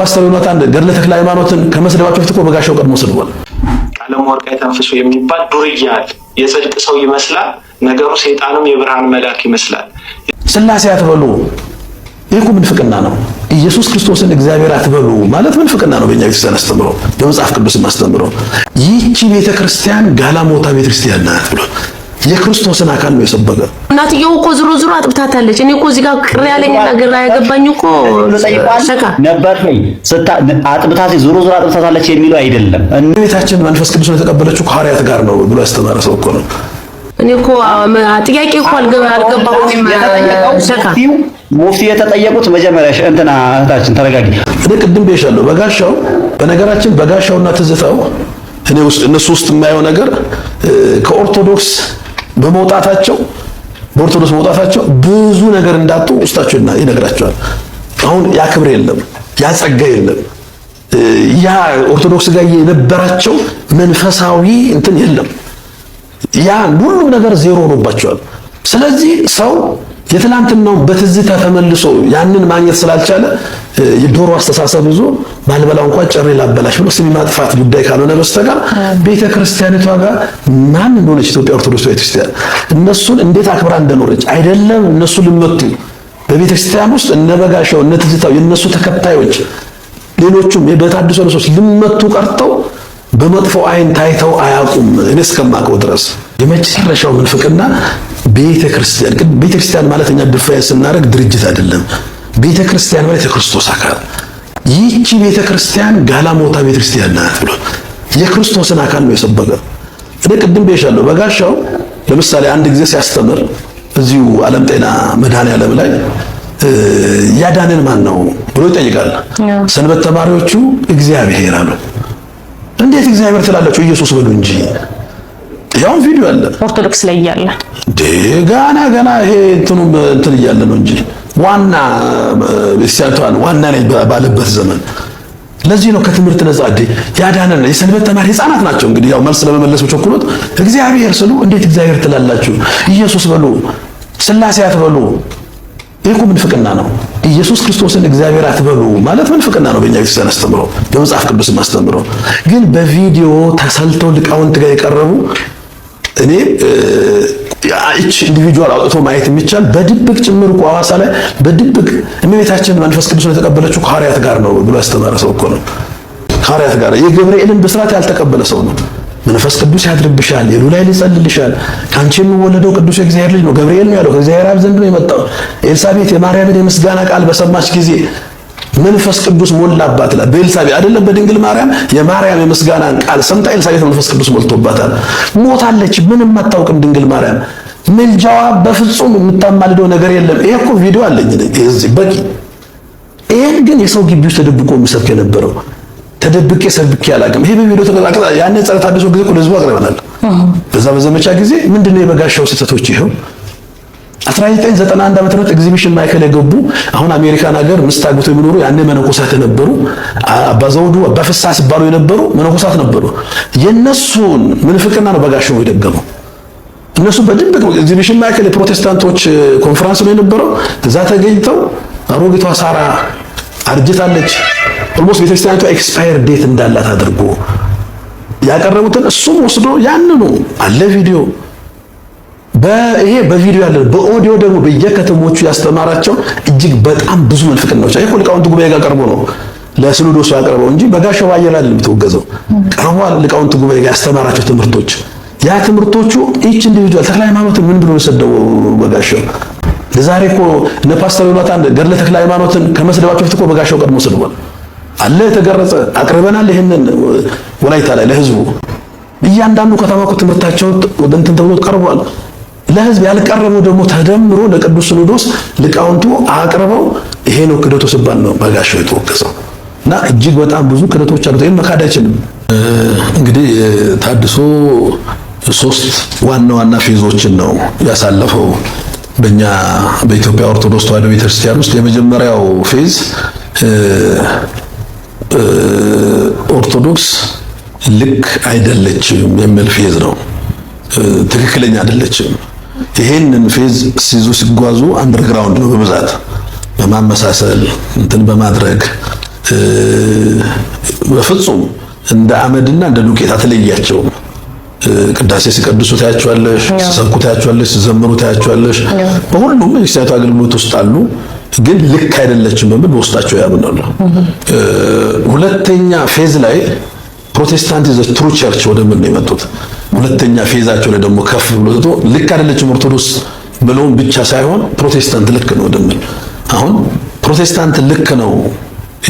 ፓስተር ዮናታን ገድለ ተክለ ሃይማኖትን ከመስደባቸው በፊት እኮ በጋሻው ቀድሞ ስድቧል። ቀለም ወርቅ የተንፍሱ የሚባል ዱርያ አለ። የጽድቅ ሰው ይመስላል ነገሩ፣ ሰይጣንም የብርሃን መልአክ ይመስላል። ስላሴ አትበሉ። ይህ እኮ ምንፍቅና ነው። ኢየሱስ ክርስቶስን እግዚአብሔር አትበሉ ማለት ምንፍቅና ነው። በእኛ ቤተክርስቲያን አስተምሮ፣ በመጽሐፍ ቅዱስ አስተምሮ ይህቺ ቤተክርስቲያን ጋላሞታ ቤተክርስቲያን ናት ብሏል። የክርስቶስን አካል ነው የሰበከ። እናትየው እኮ ዝሮ ዝሮ አጥብታታለች። እኔ እኮ እዚህ ጋር ቅር ያለኝና ግራ ያገባኝ እኮ ነበር ስታ አጥብታ ዝሮ ዝሮ አጥብታታለች የሚለው አይደለም። እመቤታችን መንፈስ ቅዱስ የተቀበለችው ከሐዋርያት ጋር ነው ብሎ ያስተማረ ሰው እኮ ነው። እኔ እኮ ጥያቄ እኮ አልገባሁም። ሙፍቲ የተጠየቁት መጀመሪያ እንትና እህታችን ተረጋጊ። እኔ ቅድም ብዬሻለሁ። በጋሻው በነገራችን በጋሻውና ትዝታው እኔ ውስጥ እነሱ ውስጥ የማየው ነገር ከኦርቶዶክስ በመውጣታቸው በኦርቶዶክስ መውጣታቸው ብዙ ነገር እንዳጡ ውስጣቸው ይነግራቸዋል። አሁን ያ ክብር የለም፣ ያ ጸጋ የለም፣ ያ ኦርቶዶክስ ጋር የነበራቸው መንፈሳዊ እንትን የለም። ያ ሁሉም ነገር ዜሮ ሆኖባቸዋል። ስለዚህ ሰው የትላንትናውን በትዝታ ተመልሶ ያንን ማግኘት ስላልቻለ የዶሮ አስተሳሰብ ይዞ ባልበላው እንኳን ጭሬ ላበላሽ ብሎ ስም ማጥፋት ጉዳይ ካልሆነ በስተቀር ቤተ ክርስቲያኒቷ ጋር ማን እንደሆነች ኢትዮጵያ ኦርቶዶክስ ቤተ ክርስቲያን እነሱን እንዴት አክብራ እንደኖረች አይደለም እነሱ ልመቱ በቤተ ክርስቲያን ውስጥ እነ በጋሻው እነ ትዝታው የእነሱ ተከታዮች ሌሎቹም በተሐድሶ ነፍሶች ልመቱ ቀርተው በመጥፎ አይን ታይተው አያውቁም። እኔ እስከማውቀው ድረስ የመጨረሻው ምንፍቅና ቤተ ክርስቲያን ግን ቤተ ክርስቲያን ማለት እኛ ድፋይ ስናደርግ ድርጅት አይደለም። ቤተ ክርስቲያን ማለት የክርስቶስ አካል ይህቺ ቤተ ክርስቲያን ጋላሞታ ቤተ ክርስቲያን ናት ብሎ የክርስቶስን አካል ነው የሰበገ። እኔ ቅድም ብዬሻለሁ በጋሻው ለምሳሌ አንድ ጊዜ ሲያስተምር እዚሁ ዓለም ጤና መድኃኔዓለም ላይ ያዳንን ማን ነው ብሎ ይጠይቃል። ሰንበት ተማሪዎቹ እግዚአብሔር አሉ። እንዴት እግዚአብሔር ትላላችሁ? ኢየሱስ በሉ እንጂ ያውን ቪዲዮ አለ ኦርቶዶክስ ላይ እያለ ገና ገና ይሄ እንትኑ እንትን እያለ ነው እንጂ ዋና ሲያቷን ዋና ነኝ ባለበት ዘመን ለዚህ ነው ከትምህርት ነጻ እንዴ ያዳነን የሰንበት ተማሪ ህፃናት ናቸው። እንግዲህ ያው መልስ ለመመለስ ቸኩሎት እግዚአብሔር ስሉ እንዴት እግዚአብሔር ትላላችሁ? ኢየሱስ በሉ ስላሴ አትበሉ። ይህ እኮ ምንፍቅና ነው። ኢየሱስ ክርስቶስን እግዚአብሔር አትበሉ ማለት ምንፍቅና ነው። በእኛ ቤተሰብ አስተምሮ በመጽሐፍ ቅዱስም አስተምረው ግን በቪዲዮ ተሰልተው ሊቃውንት ጋር የቀረቡ እኔ እች ኢንዲቪጁዋል አውጥቶ ማየት የሚቻል በድብቅ ጭምር እኮ ሐዋሳ ላይ በድብቅ እመቤታችን መንፈስ ቅዱስን የተቀበለችው ከሐዋርያት ጋር ነው ብሎ ያስተማረ ሰው እኮ ነው። ከሐዋርያት ጋር የገብርኤልን ብስራት ያልተቀበለ ሰው ነው። መንፈስ ቅዱስ ያድርብሻል፣ ላይ ሊጸልልሻል፣ ከአንቺ የሚወለደው ቅዱስ የእግዚአብሔር ልጅ ነው። ገብርኤል ነው ያለው፣ ከእግዚአብሔር አብ ዘንድ ነው የመጣው። ኤልሳቤት የማርያምን የምስጋና ቃል በሰማች ጊዜ መንፈስ ቅዱስ ሞላባት ይላል። በኤልሳቤጥ አይደለም በድንግል ማርያም የማርያም የምስጋናን ቃል ሰምታ ኤልሳቤጥ መንፈስ ቅዱስ ሞልቶባታል። ሞታለች፣ ምንም አታውቅም ድንግል ማርያም። ምልጃዋ በፍጹም የምታማልደው ነገር የለም። ይሄ እኮ ቪዲዮ አለኝ እዚህ በቂ። ይሄን ግን የሰው ግቢ ውስጥ ተደብቆ የሚሰብክ የነበረው ተደብቄ ሰብኬ ያላቅም። ይሄ በቪዲዮ ተቀላቅላ ያኔ ጸረ ታድሶ ጊዜ እኮ ለህዝቡ አቅርበናል። በዛ በዘመቻ ጊዜ ምንድነው የበጋሻው ስህተቶች ይኸው 1991 ዓመተ ኤግዚቢሽን ማዕከል የገቡ አሁን አሜሪካን ሀገር ምስት አግብተው የሚኖሩ ያኔ መነኮሳት የነበሩ አባ ዘውዱ አባ ሲባሉ የነበሩ መነኮሳት ነበሩ። የነሱን ምንፍቅና ነው ነው የደገመው። እነሱ በድብቅ ኤግዚቢሽን ማዕከል የፕሮቴስታንቶች ኮንፈረንስ ነው የነበረው። እዛ ተገኝተው አሮጊቷ ሳራ አርጅታለች፣ ኦልሞስት ቤተክርስቲያኒቷ ኤክስፓየር ዴት እንዳላት አድርጎ ያቀረቡትን እሱም ወስዶ ያንኑ አለ ቪዲዮ ይሄ በቪዲዮ ያለ በኦዲዮ ደግሞ በየከተሞቹ ያስተማራቸው እጅግ በጣም ብዙ ምንፍቅናዎች ይሄ ሊቃውንት ጉባኤ ጋር ቀርቦ ነው ለሲኖዶሱ ያቀረበው እንጂ በጋሻው አየለ አይደለም የተወገዘው። ቀርቧል ሊቃውንት ጉባኤ ጋር ያስተማራቸው ትምህርቶች ያ ትምህርቶቹ ኢች ኢንዲቪጁዋል ተክለ ሃይማኖትን ምን ብሎ ሰደው በጋሻው ለዛሬ እኮ እነ ፓስተር ዮናታን ገድለ ተክለ ሃይማኖትን ከመስደባቸው በፊት እኮ በጋሻው ቀድሞ ሰድቧል አለ የተገረጸ አቅርበናል። ይህንን ወላይታ ላይ ለህዝቡ እያንዳንዱ ከተማ እኮ ትምህርታቸው ወደ እንትን ተብሎ ቀርቧል። ለህዝብ ያልቀረበው ደግሞ ተደምሮ ለቅዱስ ሲኖዶስ ሊቃውንቱ አቅርበው ይሄ ነው ክደቶ ሲባል ነው በጋሻው የተወቀሰው። እና እጅግ በጣም ብዙ ክደቶች አሉት። ይህን መካድ አይችልም። እንግዲህ ታድሶ ሶስት ዋና ዋና ፌዞችን ነው ያሳለፈው በእኛ በኢትዮጵያ ኦርቶዶክስ ተዋህዶ ቤተክርስቲያን ውስጥ። የመጀመሪያው ፌዝ ኦርቶዶክስ ልክ አይደለችም የሚል ፌዝ ነው። ትክክለኛ አይደለችም። ይሄንን ፌዝ ሲይዙ ሲጓዙ አንደርግራውንድ ነው በብዛት በማመሳሰል እንትን በማድረግ በፍጹም እንደ አመድና እንደ ዱቄት አትለያቸውም። ቅዳሴ ሲቀድሱ ታያቸዋለሽ፣ ሲሰብኩ ታያቸዋለሽ፣ ሲዘምሩ ታያቸዋለሽ። በሁሉም የክርስቲያኑ አገልግሎት ውስጥ አሉ፣ ግን ልክ አይደለችም በሚል በውስጣቸው ያምናሉ። ሁለተኛ ፌዝ ላይ ፕሮቴስታንት ዘ ትሩ ቸርች ወደምን ነው የመጡት? ሁለተኛ ፌዛቸው ላይ ደግሞ ከፍ ብሎ ዘቶ ልክ አይደለችም ኦርቶዶክስ ብለውም ብቻ ሳይሆን ፕሮቴስታንት ልክ ነው ደምል አሁን ፕሮቴስታንት ልክ ነው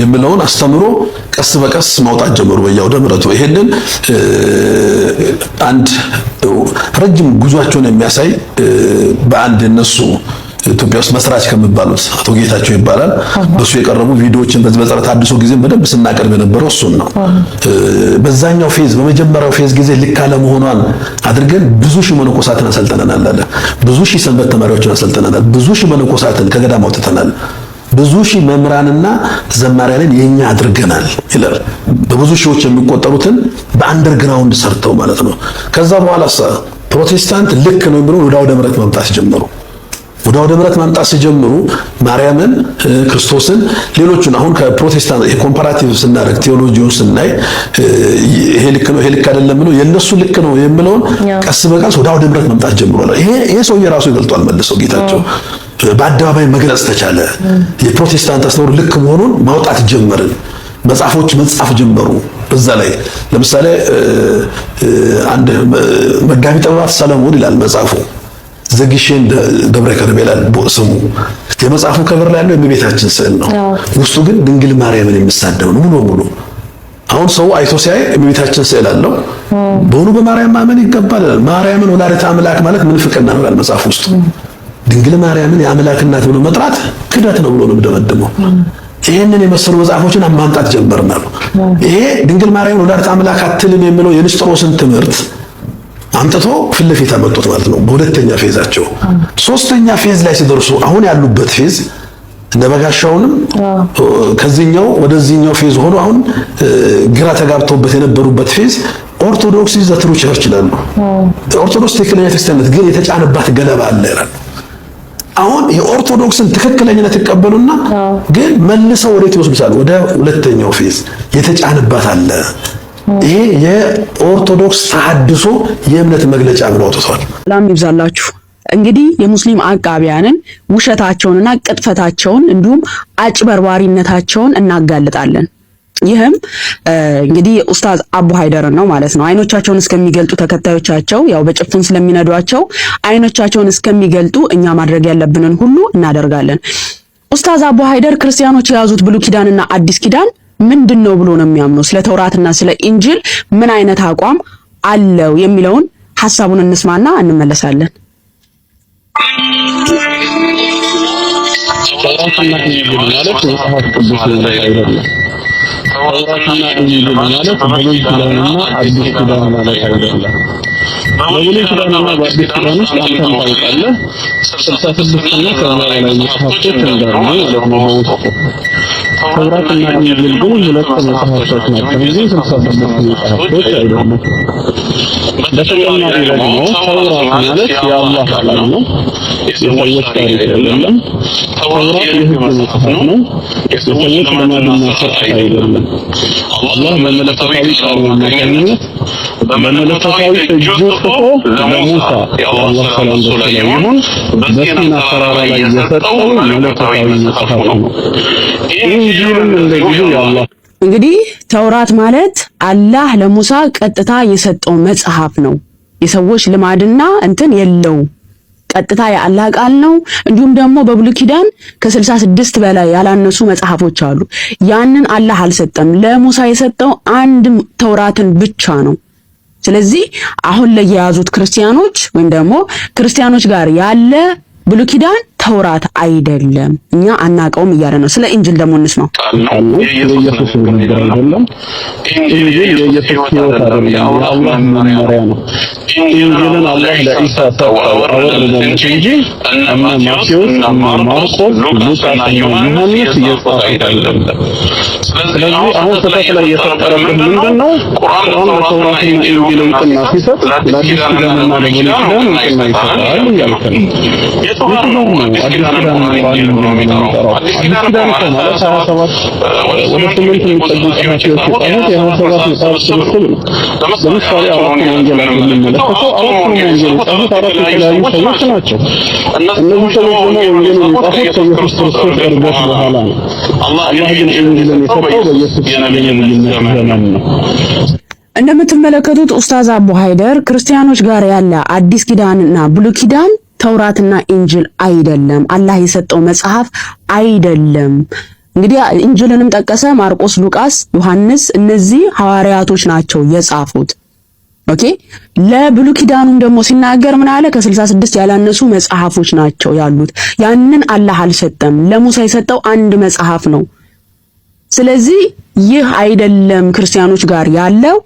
የምለውን አስተምሮ ቀስ በቀስ ማውጣት ጀመሩ። በየአውደ ምሕረቱ ይሄንን አንድ ረጅም ጉዟቸውን የሚያሳይ በአንድ እነሱ ኢትዮጵያ ውስጥ መስራች ከሚባሉት አቶ ጌታቸው ይባላል። በሱ የቀረቡ ቪዲዮዎችን በዚህ በጸረ አድሶ ጊዜ በደንብ ስናቀርብ የነበረው እሱን ነው። በዛኛው ፌዝ በመጀመሪያው ፌዝ ጊዜ ልክ አለመሆኗን አድርገን ብዙ ሺህ መነኮሳትን አሰልጥነናል አለ። ብዙ ሺህ ሰንበት ተማሪዎችን አሰልጥነናል። ብዙ ሺህ መነኮሳትን ከገዳም አውጥተናል። ብዙ ሺህ መምህራንና ዘማሪያንን የኛ አድርገናል ይላል። በብዙ ሺዎች የሚቆጠሩትን በአንደርግራውንድ ሰርተው ማለት ነው። ከዛ በኋላ ፕሮቴስታንት ልክ ነው ብሎ ወደ አውደ ምሕረት መምጣት ጀመሩ። ወደ አውደ ምሕረት መምጣት ሲጀምሩ ማርያምን፣ ክርስቶስን፣ ሌሎቹን አሁን ከፕሮቴስታንት የኮምፓራቲቭ ስናደርግ ቴዎሎጂውን ስናይ ይሄ ልክ ነው ይሄ ልክ አይደለም ብሎ የነሱ ልክ ነው የምለውን ቀስ በቀስ ወደ አውደ ምሕረት መምጣት ነው። ይሄ ይሄ ሰውዬ ራሱ ይገልጧል መልሰው ጌታቸው በአደባባይ መግለጽ ተቻለ። የፕሮቴስታንት አስተምህሮ ልክ መሆኑን ማውጣት ጀመርን። መጽሐፎች መጻፍ ጀመሩ። በዛ ላይ ለምሳሌ አንድ መጋቢ ጥበባት ሰለሞን ይላል መጽሐፉ ዘግይሼ ደብረ ከርቤ ይላል ስሙ። የመጽሐፉ ከበር ላይ ያለው የእመቤታችን ስዕል ነው። ውስጡ ግን ድንግል ማርያምን የምሳደው ነው ሙሉ ሙሉ። አሁን ሰው አይቶ ሲያይ የእመቤታችን ስዕል አለው። በሆኑ በማርያም ማመን ይገባል። ማርያምን ወላዲተ አምላክ ማለት ፍቅር ነው ይላል መጽሐፍ ውስጥ። ድንግል ማርያምን የአምላክ እናት ብሎ መጥራት ክደት ነው ብሎ ነው የምደመድመው። ይህንን የመሰሉ መጽሐፎችን አማምጣት ጀመርናሉ። ይሄ ድንግል ማርያምን ወላዲተ አምላክ አትልም የሚለው የንስጥሮስን ትምህርት አንጥቶ ፊት ለፊት አመጡት ማለት ነው። በሁለተኛ ፌዛቸው ሶስተኛ ፌዝ ላይ ሲደርሱ አሁን ያሉበት ፌዝ እነ በጋሻውንም ከዚህኛው ወደዚህኛው ፌዝ ሆኖ አሁን ግራ ተጋብተውበት የነበሩበት ፌዝ ኦርቶዶክስ ዘ ትሩ ቸርች ይላሉ። ኦርቶዶክስ ትክክለኛ ክርስቲያንነት ግን የተጫነባት ገለባ አለ ይላሉ። አሁን የኦርቶዶክስን ትክክለኝነት ይቀበሉና ግን መልሰው ወዴት ይወስዱታል? ወደ ሁለተኛው ፌዝ የተጫነባት አለ ይሄ የኦርቶዶክስ ተሐድሶ የእምነት መግለጫ ብሎ አውጥቷል። ሰላም ይብዛላችሁ። እንግዲህ የሙስሊም አቃቢያንን ውሸታቸውንና ቅጥፈታቸውን እንዲሁም አጭበርባሪነታቸውን እናጋልጣለን። ይህም እንግዲህ ኡስታዝ አቡ ሀይደርን ነው ማለት ነው። አይኖቻቸውን እስከሚገልጡ ተከታዮቻቸው ያው በጭፍን ስለሚነዷቸው አይኖቻቸውን እስከሚገልጡ እኛ ማድረግ ያለብንን ሁሉ እናደርጋለን። ኡስታዝ አቡ ሀይደር ክርስቲያኖች የያዙት ብሉይ ኪዳንና አዲስ ኪዳን ምንድን ነው ብሎ ነው የሚያምነው? ስለ ተውራትና ስለ ኢንጅል ምን አይነት አቋም አለው የሚለውን ሀሳቡን እንስማና እንመለሳለን። ተውራትና ኢንጅል ማለት መጽሐፍ ቅዱስ ተውራትና ኢንጂል ማለት ብሉይ ኪዳንና አዲስ ኪዳን ማለት አይደለም። በብሉይ ኪዳንና በአዲስ ኪዳን ውስጥ አንተን ታውቃለህ ስልሳ ስድስት እና ከዛ በላይ መጽሐፍቶች እንዳሉ ማለት ነው። ተውራትና ኢንጂል ግን ሁለት መጽሐፍቶች ናቸው እንጂ ስልሳ ስድስት መጽሐፍቶች አይደሉም። በተጨማሪ ደግሞ ተውራት ማለት የአላህ ቃል ነው፣ የሰዎች ታሪክ አይደለም። ተውራት የሕግ መጽሐፍ ነው፣ የሰዎች ልማድና ስርዓት አይደለም። አላህ በመለኮታዊ ቃሉ አማካኝነት በመለኮታዊ እጁ ጽፎ ለሙሳ ሰላም ይሁን በሲና ተራራ ላይ የሰጠው መለኮታዊ መጽሐፍ ነው። ኢንጂልም እንግዲህ ተውራት ማለት አላህ ለሙሳ ቀጥታ የሰጠው መጽሐፍ ነው። የሰዎች ልማድና እንትን የለው ቀጥታ የአላህ ቃል ነው። እንዲሁም ደግሞ በብሉይ ኪዳን ከ66 በላይ ያላነሱ መጽሐፎች አሉ። ያንን አላህ አልሰጠም። ለሙሳ የሰጠው አንድ ተውራትን ብቻ ነው። ስለዚህ አሁን ላይ የያዙት ክርስቲያኖች ወይም ደግሞ ክርስቲያኖች ጋር ያለ ብሉይ ኪዳን ተውራት አይደለም፣ እኛ አናቀውም እያለ ነው። ስለ ኢንጅል ደግሞ እንስማው። የኢየሱስ ነገር አይደለም ኢንጅል የኢየሱስ ሕይወት አይደለም፣ የአላህ መመሪያ ነው። ኢንጅልን አላህ ለኢሳ አወረደለት እንጂ እነ ማቴዎስ፣ ማርቆስ፣ ሉቃስ እና ዮሐንስ የጻፉት አይደለም። ስለዚህ አሁን ስህተት ላይ የፈጠረብን ምንድን ነው? ቁርአን ተውራት ኢንጅል እውቅና ሲሰጥ ለአዲስ ኪዳንና ለብሉይ ኪዳን እውቅና ይሰጣል እያልክ ነው። አዲስ ኪዳን የሚባል ነው የሚጠራው። አዲስ ኪዳን እኮ ማለት ሀያ ሰባት ወደ ስምንት የሚጠጉ ጸሐፊዎች የጻፉት የሀያ ሰባት መጽሐፍ ስብስብ ነው። ለምሳሌ አራቱን ወንጌል የምንመለከተው አራቱን ወንጌል የጻፉት አራት የተለያዩ ሰዎች ናቸው። እነዚህ ሰዎች ደግሞ ወንጌሉን የጻፉት ከኢየሱስ ክርስቶስ በኋላ ነው። አላህ ግን የሰጠው በኢየሱስ ዘመን ነው። እንደምትመለከቱት ኡስታዝ አቡ ሀይደር ክርስቲያኖች ጋር ያለ አዲስ ኪዳንና ብሉይ ኪዳን ተውራትና ኢንጅል አይደለም፣ አላህ የሰጠው መጽሐፍ አይደለም። እንግዲህ ኢንጅልንም ጠቀሰ። ማርቆስ፣ ሉቃስ፣ ዮሐንስ እነዚህ ሐዋርያቶች ናቸው የጻፉት። ኦኬ ለብሉ ኪዳኑም ደግሞ ሲናገር ምን አለ? ከ66 ያላነሱ መጽሐፎች ናቸው ያሉት። ያንን አላህ አልሰጠም። ለሙሳ የሰጠው አንድ መጽሐፍ ነው። ስለዚህ ይህ አይደለም ክርስቲያኖች ጋር ያለው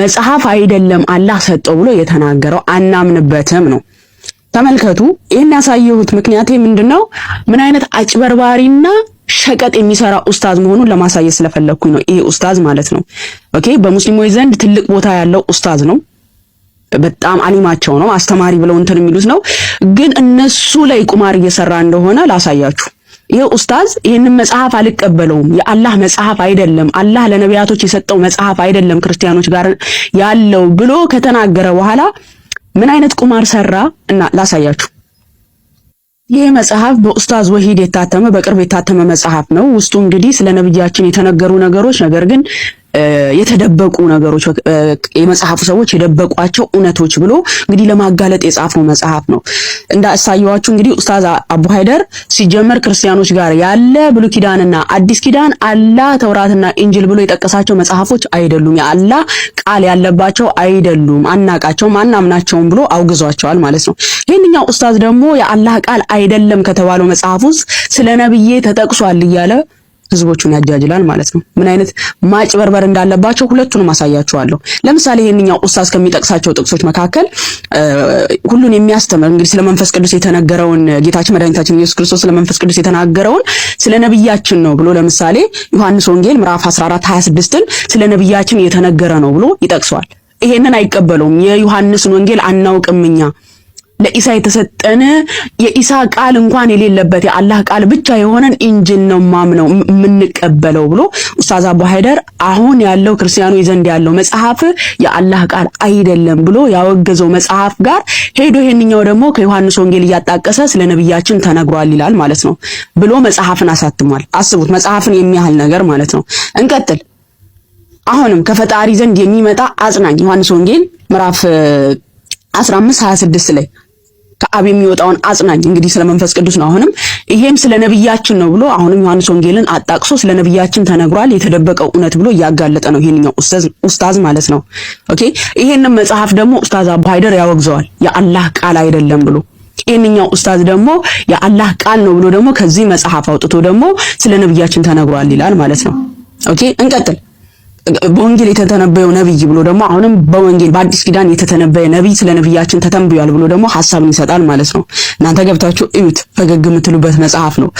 መጽሐፍ አይደለም አላህ ሰጠው ብሎ የተናገረው አናምንበትም ነው። ተመልከቱ። ይህን ያሳየሁት ምክንያቴ ምንድን ነው? ምን አይነት አጭበርባሪና ሸቀጥ የሚሰራ ኡስታዝ መሆኑን ለማሳየት ስለፈለግኩኝ ነው። ይሄ ኡስታዝ ማለት ነው ኦኬ፣ በሙስሊሞች ዘንድ ትልቅ ቦታ ያለው ኡስታዝ ነው። በጣም አሊማቸው ነው፣ አስተማሪ ብለው እንትን የሚሉት ነው። ግን እነሱ ላይ ቁማር እየሰራ እንደሆነ ላሳያችሁ። ይሄ ኡስታዝ ይህንን መጽሐፍ አልቀበለውም፣ የአላህ መጽሐፍ አይደለም፣ አላህ ለነቢያቶች የሰጠው መጽሐፍ አይደለም፣ ክርስቲያኖች ጋር ያለው ብሎ ከተናገረ በኋላ ምን አይነት ቁማር ሰራ እና ላሳያችሁ። ይህ መጽሐፍ በኡስታዝ ወሂድ የታተመ በቅርብ የታተመ መጽሐፍ ነው። ውስጡ እንግዲህ ስለ ነብያችን የተነገሩ ነገሮች ነገር ግን የተደበቁ ነገሮች የመጽሐፉ ሰዎች የደበቋቸው እውነቶች ብሎ እንግዲህ ለማጋለጥ የጻፈው መጽሐፍ ነው። እንዳሳየዋችሁ እንግዲህ ኡስታዝ አቡ ሀይደር ሲጀመር ክርስቲያኖች ጋር ያለ ብሉ ኪዳንና አዲስ ኪዳን አላህ ተውራትና ኢንጅል ብሎ የጠቀሳቸው መጽሐፎች አይደሉም፣ የአላህ ቃል ያለባቸው አይደሉም፣ አናቃቸውም፣ አናምናቸውም ብሎ አውግዟቸዋል ማለት ነው። ይህንኛው ኡስታዝ ደግሞ የአላህ ቃል አይደለም ከተባለው መጽሐፍ ውስጥ ስለ ነብዬ ተጠቅሷል እያለ ህዝቦቹን ያጃጅላል ማለት ነው። ምን አይነት ማጭበርበር እንዳለባቸው ሁለቱንም አሳያችኋለሁ። ለምሳሌ ይህንኛው ኡስታዝ ከሚጠቅሳቸው ጥቅሶች መካከል ሁሉን የሚያስተምር እንግዲህ ስለ መንፈስ ቅዱስ የተነገረውን ጌታችን መድኃኒታችን ኢየሱስ ክርስቶስ ስለ መንፈስ ቅዱስ የተናገረውን ስለ ነብያችን ነው ብሎ ለምሳሌ ዮሐንስ ወንጌል ምዕራፍ 14 26ን ስለ ነብያችን የተነገረ ነው ብሎ ይጠቅሰዋል። ይሄንን አይቀበለውም። የዮሐንስን ወንጌል አናውቅም እኛ ለኢሳ የተሰጠን የኢሳ ቃል እንኳን የሌለበት የአላህ ቃል ብቻ የሆነን ኢንጅል ነው ማምነው የምንቀበለው ብሎ ኡስታዝ አቡ ሀይደር አሁን ያለው ክርስቲያኑ ዘንድ ያለው መጽሐፍ የአላህ ቃል አይደለም ብሎ ያወገዘው መጽሐፍ ጋር ሄዶ ይሄንኛው ደግሞ ከዮሐንስ ወንጌል እያጣቀሰ ስለ ነብያችን ተነግሯል ይላል ማለት ነው ብሎ መጽሐፍን አሳትሟል። አስቡት መጽሐፍን የሚያህል ነገር ማለት ነው። እንቀጥል። አሁንም ከፈጣሪ ዘንድ የሚመጣ አጽናኝ ዮሐንስ ወንጌል ምዕራፍ 15 26 ላይ ከአብ የሚወጣውን አጽናኝ እንግዲህ ስለ መንፈስ ቅዱስ ነው። አሁንም ይሄም ስለ ነብያችን ነው ብሎ አሁንም ዮሐንስ ወንጌልን አጣቅሶ ስለ ነብያችን ተነግሯል የተደበቀው እውነት ብሎ እያጋለጠ ነው ይሄኛው ኡስታዝ ማለት ነው። ኦኬ ይሄንም መጽሐፍ ደግሞ ኡስታዝ አቡ ሀይደር ያወግዘዋል የአላህ ቃል አይደለም ብሎ ይህንኛው ኡስታዝ ደግሞ የአላህ ቃል ነው ብሎ ደግሞ ከዚህ መጽሐፍ አውጥቶ ደግሞ ስለ ነብያችን ተነግሯል ይላል ማለት ነው። ኦኬ እንቀጥል። በወንጌል የተተነበየው ነቢይ ብሎ ደግሞ አሁንም በወንጌል በአዲስ ኪዳን የተተነበየ ነቢይ ስለ ነቢያችን ተተንብያል ብሎ ደግሞ ሀሳብን ይሰጣል ማለት ነው። እናንተ ገብታችሁ እዩት፣ ፈገግ የምትሉበት መጽሐፍ ነው።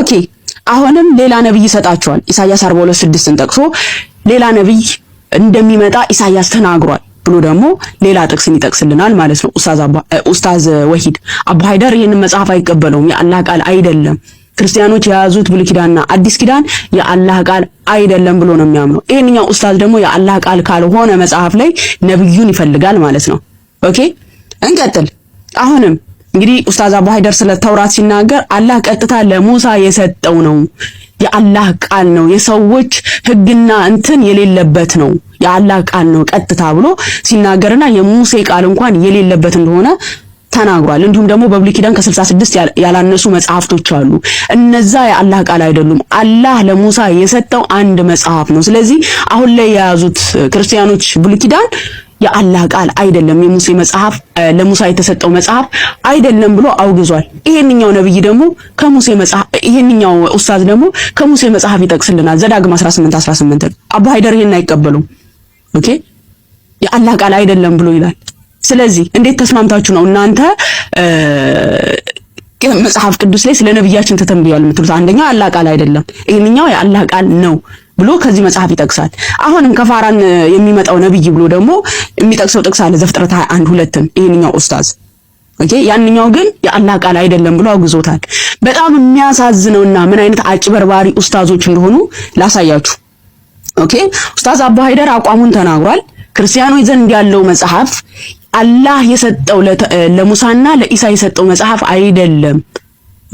ኦኬ፣ አሁንም ሌላ ነቢይ ይሰጣቸዋል። ኢሳያስ 42 ስድስትን ጠቅሶ ሌላ ነቢይ እንደሚመጣ ኢሳያስ ተናግሯል ብሎ ደግሞ ሌላ ጥቅስን ይጠቅስልናል ማለት ነው። ኡስታዝ ወሂድ አቡ ሀይደር ይህንን መጽሐፍ አይቀበለውም። የአላህ ቃል አይደለም ክርስቲያኖች የያዙት ብሉይ ኪዳንና አዲስ ኪዳን የአላህ ቃል አይደለም ብሎ ነው የሚያምነው። ይሄንኛው ኡስታዝ ደግሞ የአላህ ቃል ካልሆነ መጽሐፍ ላይ ነብዩን ይፈልጋል ማለት ነው። ኦኬ እንቀጥል። አሁንም እንግዲህ ኡስታዝ አቡ ሀይደር ስለ ተውራት ሲናገር አላህ ቀጥታ ለሙሳ የሰጠው ነው፣ የአላህ ቃል ነው፣ የሰዎች ህግና እንትን የሌለበት ነው፣ የአላህ ቃል ነው ቀጥታ ብሎ ሲናገርና የሙሴ ቃል እንኳን የሌለበት እንደሆነ ተናግሯል። እንዲሁም ደግሞ በብሉይ ኪዳን ከ66 ያላነሱ መጽሐፍቶች አሉ። እነዛ የአላህ ቃል አይደሉም። አላህ ለሙሳ የሰጠው አንድ መጽሐፍ ነው። ስለዚህ አሁን ላይ የያዙት ክርስቲያኖች ብሉይ ኪዳን የአላህ ቃል አይደለም፣ የሙሴ መጽሐፍ ለሙሳ የተሰጠው መጽሐፍ አይደለም ብሎ አውግዟል። ይሄንኛው ነብይ ደግሞ ከሙሴ መጽሐፍ ይሄንኛው ኡስታዝ ደግሞ ከሙሴ መጽሐፍ ይጠቅስልናል። ዘዳግም 18 18 አባ ሀይደር ይሄን አይቀበሉም። ኦኬ የአላህ ቃል አይደለም ብሎ ይላል። ስለዚህ እንዴት ተስማምታችሁ ነው እናንተ መጽሐፍ ቅዱስ ላይ ስለ ነብያችን ተተንብያል የምትሉት? አንደኛ አላህ ቃል አይደለም፣ ይህንኛው የአላህ ቃል ነው ብሎ ከዚህ መጽሐፍ ይጠቅሳል። አሁንም ከፋራን የሚመጣው ነብይ ብሎ ደግሞ የሚጠቅሰው ጥቅስ አለ ዘፍጥረት አንድ ሁለትም ይህንኛው ኡስታዝ ኦኬ ያንኛው ግን የአላህ ቃል አይደለም ብሎ አውግዞታል። በጣም የሚያሳዝነውና ምን አይነት አጭበርባሪ ኡስታዞች እንደሆኑ ላሳያችሁ። ኦኬ ኡስታዝ አቡ ሀይደር አቋሙን ተናግሯል። ክርስቲያኖች ዘንድ ያለው መጽሐፍ አላህ የሰጠው ለሙሳና ለኢሳ የሰጠው መጽሐፍ አይደለም።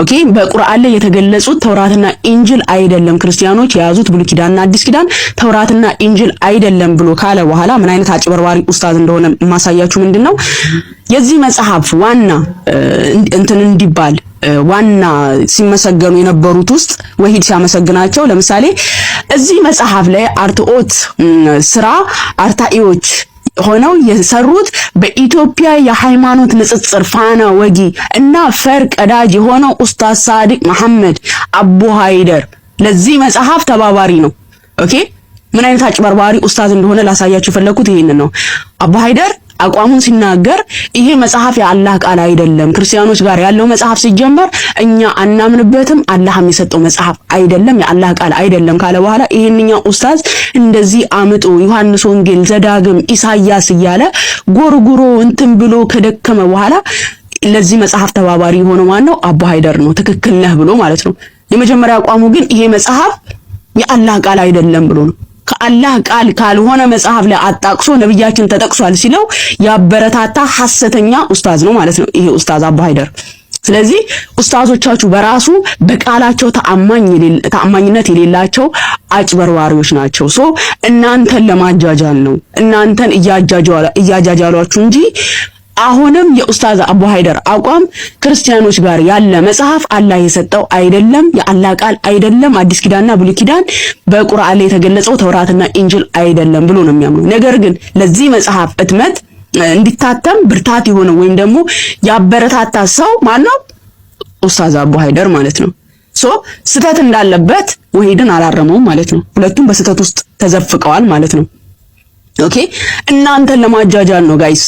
ኦኬ በቁርአን ላይ የተገለጹት ተውራትና ኢንጅል አይደለም። ክርስቲያኖች የያዙት ብሉይ ኪዳንና አዲስ ኪዳን ተውራትና ኢንጅል አይደለም ብሎ ካለ በኋላ ምን አይነት አጭበርባሪ ኡስታዝ እንደሆነ የማሳያችሁ ምንድን ነው የዚህ መጽሐፍ ዋና እንትን እንዲባል ዋና ሲመሰገኑ የነበሩት ውስጥ ወሂድ ሲያመሰግናቸው፣ ለምሳሌ እዚህ መጽሐፍ ላይ አርትኦት ስራ አርታኢዎች ሆነው የሰሩት በኢትዮጵያ የሃይማኖት ንጽጽር ፋና ወጊ እና ፈር ቀዳጅ የሆነው ኡስታዝ ሳዲቅ መሐመድ አቡ ሃይደር ለዚህ መጽሐፍ ተባባሪ ነው። ኦኬ ምን አይነት አጭበርባሪ ኡስታዝ እንደሆነ ላሳያችሁ የፈለኩት ይሄንን ነው። አቡ ሃይደር አቋሙን ሲናገር ይሄ መጽሐፍ የአላህ ቃል አይደለም፣ ክርስቲያኖች ጋር ያለው መጽሐፍ ሲጀመር እኛ አናምንበትም፣ አላህም የሰጠው መጽሐፍ አይደለም፣ የአላህ ቃል አይደለም ካለ በኋላ ይሄንኛ ኡስታዝ እንደዚህ አምጡ ዮሐንስ ወንጌል፣ ዘዳግም፣ ኢሳያስ እያለ ጎርጉሮ እንትን ብሎ ከደከመ በኋላ ለዚህ መጽሐፍ ተባባሪ የሆነው ማን ነው? አቡ ሀይደር ነው። ትክክል ነህ ብሎ ማለት ነው። የመጀመሪያ አቋሙ ግን ይሄ መጽሐፍ የአላህ ቃል አይደለም ብሎ ነው። ከአላህ ቃል ካልሆነ መጽሐፍ ላይ አጣቅሶ ነብያችን ተጠቅሷል ሲለው ያበረታታ ሐሰተኛ ኡስታዝ ነው ማለት ነው ይሄ ኡስታዝ አቡ ሀይደር። ስለዚህ ኡስታዞቻችሁ በራሱ በቃላቸው ተአማኝነት የሌላቸው አጭበርባሪዎች ናቸው። ሶ እናንተን ለማጃጃል ነው እናንተን እያጃጃሏችሁ እንጂ አሁንም የኡስታዝ አቡ ሀይደር አቋም ክርስቲያኖች ጋር ያለ መጽሐፍ አላህ የሰጠው አይደለም፣ የአላህ ቃል አይደለም፣ አዲስ ኪዳንና ብሉይ ኪዳን በቁርአን ላይ የተገለጸው ተውራትና ኢንጅል አይደለም ብሎ ነው የሚያምኑ። ነገር ግን ለዚህ መጽሐፍ እትመት እንዲታተም ብርታት የሆነ ወይም ደግሞ ያበረታታ ሰው ማነው? ኡስታዝ አቡ ሀይደር ማለት ነው። ሶ ስህተት እንዳለበት ወሂድን አላረመውም ማለት ነው። ሁለቱም በስህተት ውስጥ ተዘፍቀዋል ማለት ነው። ኦኬ እናንተን ለማጃጃል ነው ጋይስ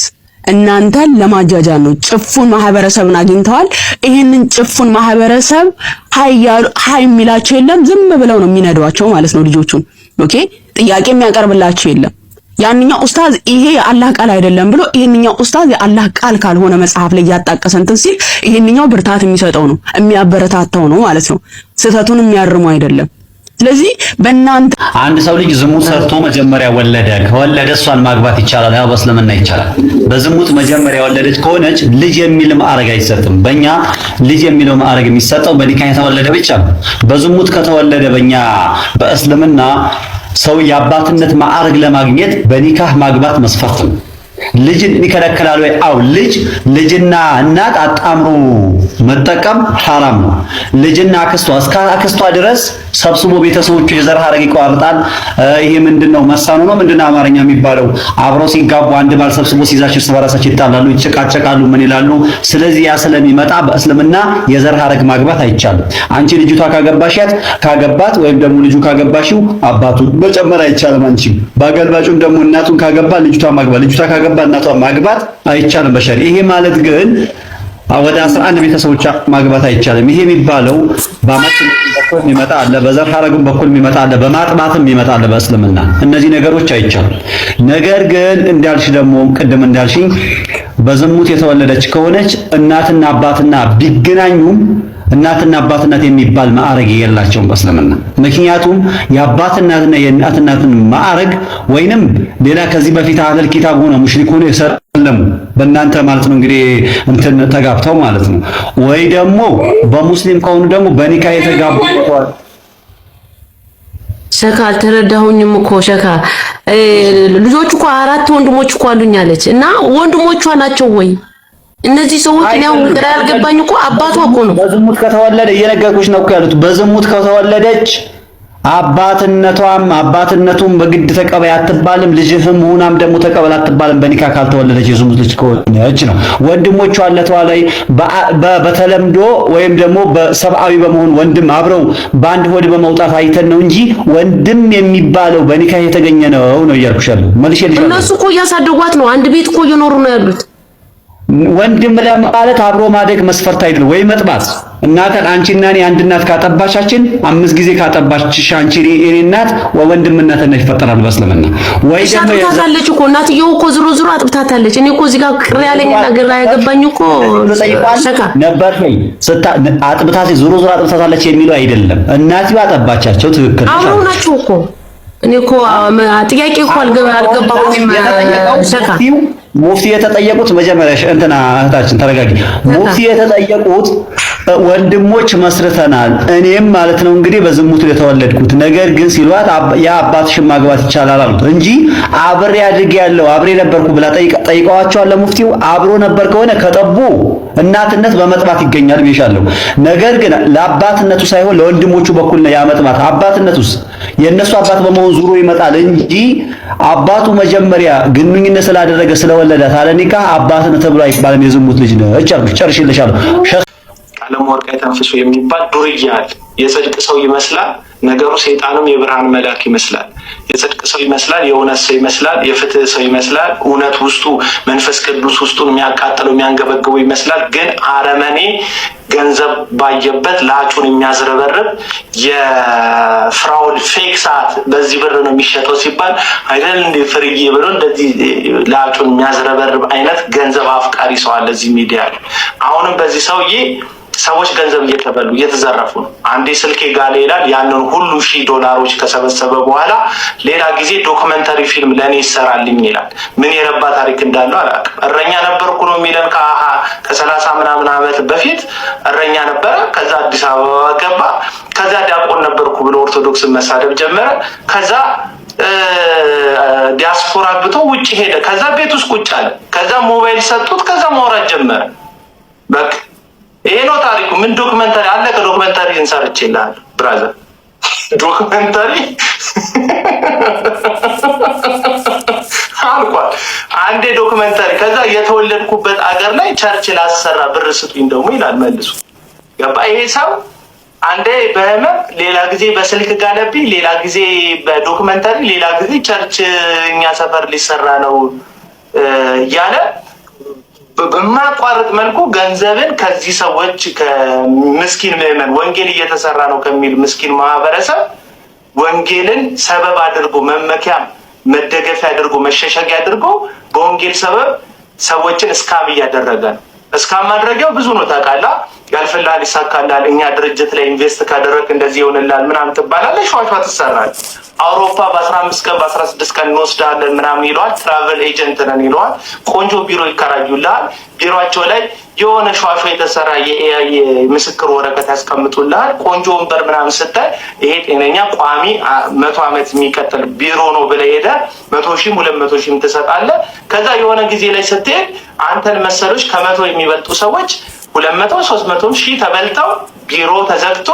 እናንተን ለማጃጃ ነው። ጭፉን ማህበረሰብን አግኝተዋል። ይህንን ጭፉን ማህበረሰብ ሀይ የሚላቸው የለም፣ ዝም ብለው ነው የሚነዷቸው ማለት ነው ልጆቹን። ኦኬ ጥያቄ የሚያቀርብላቸው የለም። ያንኛው ኡስታዝ ይሄ የአላህ ቃል አይደለም ብሎ ይሄንኛው ኡስታዝ የአላህ ቃል ካልሆነ መጽሐፍ ላይ እያጣቀሰ እንትን ሲል ይሄንኛው ብርታት የሚሰጠው ነው የሚያበረታታው ነው ማለት ነው። ስህተቱን የሚያርሙ አይደለም። ስለዚህ በእናንተ አንድ ሰው ልጅ ዝሙት ሰርቶ መጀመሪያ ወለደ። ከወለደ እሷን ማግባት ይቻላል? ያው በእስልምና ይቻላል። በዝሙት መጀመሪያ ወለደች ከሆነች ልጅ የሚል ማዕረግ አይሰጥም። በእኛ ልጅ የሚለው ማዕረግ የሚሰጠው በኒካ የተወለደ ብቻ ነው። በዝሙት ከተወለደ በእኛ በእስልምና ሰው የአባትነት ማዕረግ ለማግኘት በኒካህ ማግባት መስፈርት ነው። ልጅን ይከለከላል ወይ? አው ልጅ ልጅና እናት አጣምሮ መጠቀም ሐራም ነው። ልጅና አክስቷ እስከ አክስቷ ድረስ ሰብስቦ ቤተሰቦቹ የዘር ሐረግ ይቋርጣል። ይሄ ምንድነው? መሳኑ ነው ምንድነው አማርኛ የሚባለው? አብረው ሲጋቡ አንድ ባል ሰብስቦ ሲይዛቸው እርስ በራሳቸው ይጣላሉ፣ ይጨቃጨቃሉ፣ ምን ይላሉ። ስለዚህ ያ ስለሚመጣ በእስልምና የዘር ሐረግ ማግባት አይቻልም። አንቺ ልጅቷ ካገባሻት ካገባት ወይም ደግሞ ልጁ ካገባሽው አባቱ መጨመር አይቻልም። አንቺ ባገልባጩም ደግሞ እናቱን ካገባ ልጅቷ ማግባት ልጅቷ ካገባ ካልተጋባ እናቷን ማግባት አይቻልም በሸሪ። ይሄ ማለት ግን ወደ 11 ቤተሰቦች ማግባት አይቻልም። ይሄ የሚባለው በአማት በኩል የሚመጣ አለ፣ በዘር ሐረግም በኩል የሚመጣ አለ፣ በማጥባትም የሚመጣ አለ። በእስልምና እነዚህ ነገሮች አይቻሉም። ነገር ግን እንዳልሽ ደግሞ ቅድም እንዳልሽኝ በዝሙት የተወለደች ከሆነች እናትና አባትና ቢገናኙም እናትና አባትነት የሚባል ማዕረግ የላቸውም በእስልምና። ምክንያቱም የአባትናትና የእናትናትን ማዕረግ ወይንም ሌላ ከዚህ በፊት አህለል ኪታብ ሆነ ሙሽሪክ ሆነ የሰለሙ በእናንተ ማለት ነው እንግዲህ እንትን ተጋብተው ማለት ነው ወይ ደግሞ በሙስሊም ከሆኑ ደግሞ በኒካ የተጋቡ ሸካ አልተረዳሁኝም እኮ ሸካ ልጆቹ እኮ አራት ወንድሞች እኮ አሉኝ አለች እና ወንድሞቿ ናቸው ወይ እነዚህ ሰዎች እኔ አሁን ግራ ያልገባኝ እኮ አባቷ እኮ ነው። በዝሙት ከተወለደ እየነገርኩሽ ነው እኮ ያሉት። በዝሙት ከተወለደች አባትነቷም አባትነቱም በግድ ተቀበይ አትባልም። ልጅህም ሁናም ደግሞ ተቀበል አትባልም። በኒካ ካልተወለደች የዝሙት ልጅ ከሆነች ነው። ወንድሞቿ አለተዋ ላይ በተለምዶ ወይም ደግሞ በሰብአዊ በመሆን ወንድም አብረው በአንድ ሆድ በመውጣት አይተን ነው እንጂ ወንድም የሚባለው በኒካ የተገኘ ነው ነው እያልኩሻለሁ። መልሼ ልጅ እነሱ እኮ እያሳደጓት ነው። አንድ ቤት እኮ እየኖሩ ነው ያሉት ወንድም ለማለት አብሮ ማደግ መስፈርት አይደለም ወይ መጥባት እናተን አንቺ እና እኔ አንድ እናት ካጠባሻችን አምስት ጊዜ ካጠባችሽ አንቺ እኔ እናት ወንድም ወንድምነት እና ይፈጠራል በእስልምና ወይ ደግሞ ታታለች እኮ እናትየው እኮ ዝሮ ዝሮ አጥብታታለች እኔ እኮ እዚህ ጋር ቅር ያለኝ እና ግራ ያገባኝ እኮ ነበር ወይ ስታ አጥብታት ዝሮ ዝሮ አጥብታታለች የሚለው አይደለም እናትየው አጠባቻቸው ትክክል ነው አሁን ናቸው እኮ እኔ እኮ ጥያቄ እኮ አልገባሁም ሰካ ሙፍቲ የተጠየቁት መጀመሪያ እንትና እህታችን ተረጋጊ። ሙፍቲ የተጠየቁት ወንድሞች መስርተናል። እኔም ማለት ነው እንግዲህ በዝሙት የተወለድኩት ነገር ግን ሲሏት ያ አባትሽን ማግባት ይቻላል አሉት እንጂ አብሬ አድርጌ ያለው አብሬ ነበርኩ ብላ ጠይቀዋቸዋል ለሙፍቲው። አብሮ ነበር ከሆነ ከጠቡ እናትነት በመጥባት ይገኛል ብዬሻለሁ። ነገር ግን ለአባትነቱ ሳይሆን ለወንድሞቹ በኩል ነው ያ አባትነቱስ የእነሱ አባት በመሆን ዙሮ ይመጣል እንጂ አባቱ መጀመሪያ ግንኙነት ስላደረገ ስለወለዳት አለ አባትነት ተብሎ አይባልም። የዝሙት ልጅ ነው። ጨርሽልሻለሁ ቀለም ወርቅ የተንፍሱ የሚባል ዱርያ አለ። የጽድቅ ሰው ይመስላል ነገሩ፣ ሰይጣንም የብርሃን መልአክ ይመስላል። የጽድቅ ሰው ይመስላል፣ የእውነት ሰው ይመስላል፣ የፍትህ ሰው ይመስላል። እውነት ውስጡ መንፈስ ቅዱስ ውስጡን የሚያቃጥለው የሚያንገበግበው ይመስላል። ግን አረመኔ ገንዘብ ባየበት ላጩን የሚያዝረበርብ የፍራውድ ፌክ ሰዓት በዚህ ብር ነው የሚሸጠው ሲባል አይደል እንደ ፍርዬ ብሎ እንደዚህ ላጩን የሚያዝረበርብ አይነት ገንዘብ አፍቃሪ ሰው አለ እዚህ ሚዲያ። አሁንም በዚህ ሰውዬ ሰዎች ገንዘብ እየተበሉ እየተዘረፉ ነው። አንዴ ስልኬ ጋሌ ይላል። ያንን ሁሉ ሺ ዶላሮች ከሰበሰበ በኋላ ሌላ ጊዜ ዶክመንተሪ ፊልም ለእኔ ይሰራልኝ ይላል። ምን የረባ ታሪክ እንዳለው አላውቅም። እረኛ ነበርኩ ነው የሚለን ከሰላሳ ምናምን ዓመት በፊት እረኛ ነበረ። ከዛ አዲስ አበባ ገባ። ከዛ ዲያቆን ነበርኩ ብሎ ኦርቶዶክስን መሳደብ ጀመረ። ከዛ ዲያስፖራ ብቶ ውጭ ሄደ። ከዛ ቤት ውስጥ ቁጭ አለ። ከዛ ሞባይል ሰጡት። ከዛ ማውራት ጀመረ በቃ ይሄ ነው ታሪኩ። ምን ዶክመንተሪ አለ? ከዶክመንታሪ እንሰርች ይላል ብራዘር ዶክመንተሪ አልኳል። አንዴ ዶክመንታሪ፣ ከዛ የተወለድኩበት አገር ላይ ቸርች ላሰራ ብር ስጡኝ ደግሞ ይላል መልሱ። ገባ ይሄ ሰው አንዴ በህመም ሌላ ጊዜ በስልክ ጋለብኝ፣ ሌላ ጊዜ በዶክመንተሪ፣ ሌላ ጊዜ ቸርች እኛ ሰፈር ሊሰራ ነው እያለ በማቋረጥ መልኩ ገንዘብን ከዚህ ሰዎች ከምስኪን ምዕመን ወንጌል እየተሰራ ነው ከሚል ምስኪን ማህበረሰብ ወንጌልን ሰበብ አድርጎ መመኪያም መደገፊያ አድርጎ መሸሸጊያ አድርጎ በወንጌል ሰበብ ሰዎችን እስካም እያደረገ ነው። እስካም ማድረጊያው ብዙ ነው ታውቃለህ። ያልፈላል፣ ይሳካላል፣ እኛ ድርጅት ላይ ኢንቨስት ካደረግ እንደዚህ ይሆንላል ምናምን ትባላለች፣ ሸዋሸዋ ትሰራል። አውሮፓ በአስራ አምስት ቀን በአስራ ስድስት ቀን እንወስዳለን ምናምን ይለዋል። ትራቨል ኤጀንት ነን ይለዋል። ቆንጆ ቢሮ ይከራዩልሃል። ቢሮቸው ላይ የሆነ ሸዋሸዋ የተሰራ የኤአይ ምስክር ወረቀት ያስቀምጡልሃል። ቆንጆ ወንበር ምናምን ስታይ ይሄ ጤነኛ ቋሚ መቶ ዓመት የሚቀጥል ቢሮ ነው ብለህ ሄደህ መቶ ሺህም ሁለት መቶ ሺህም ትሰጣለህ። ከዛ የሆነ ጊዜ ላይ ስትሄድ አንተን መሰሎች ከመቶ የሚበልጡ ሰዎች ሁለት መቶ ሶስት መቶ ሺህ ተበልተው ቢሮ ተዘግቶ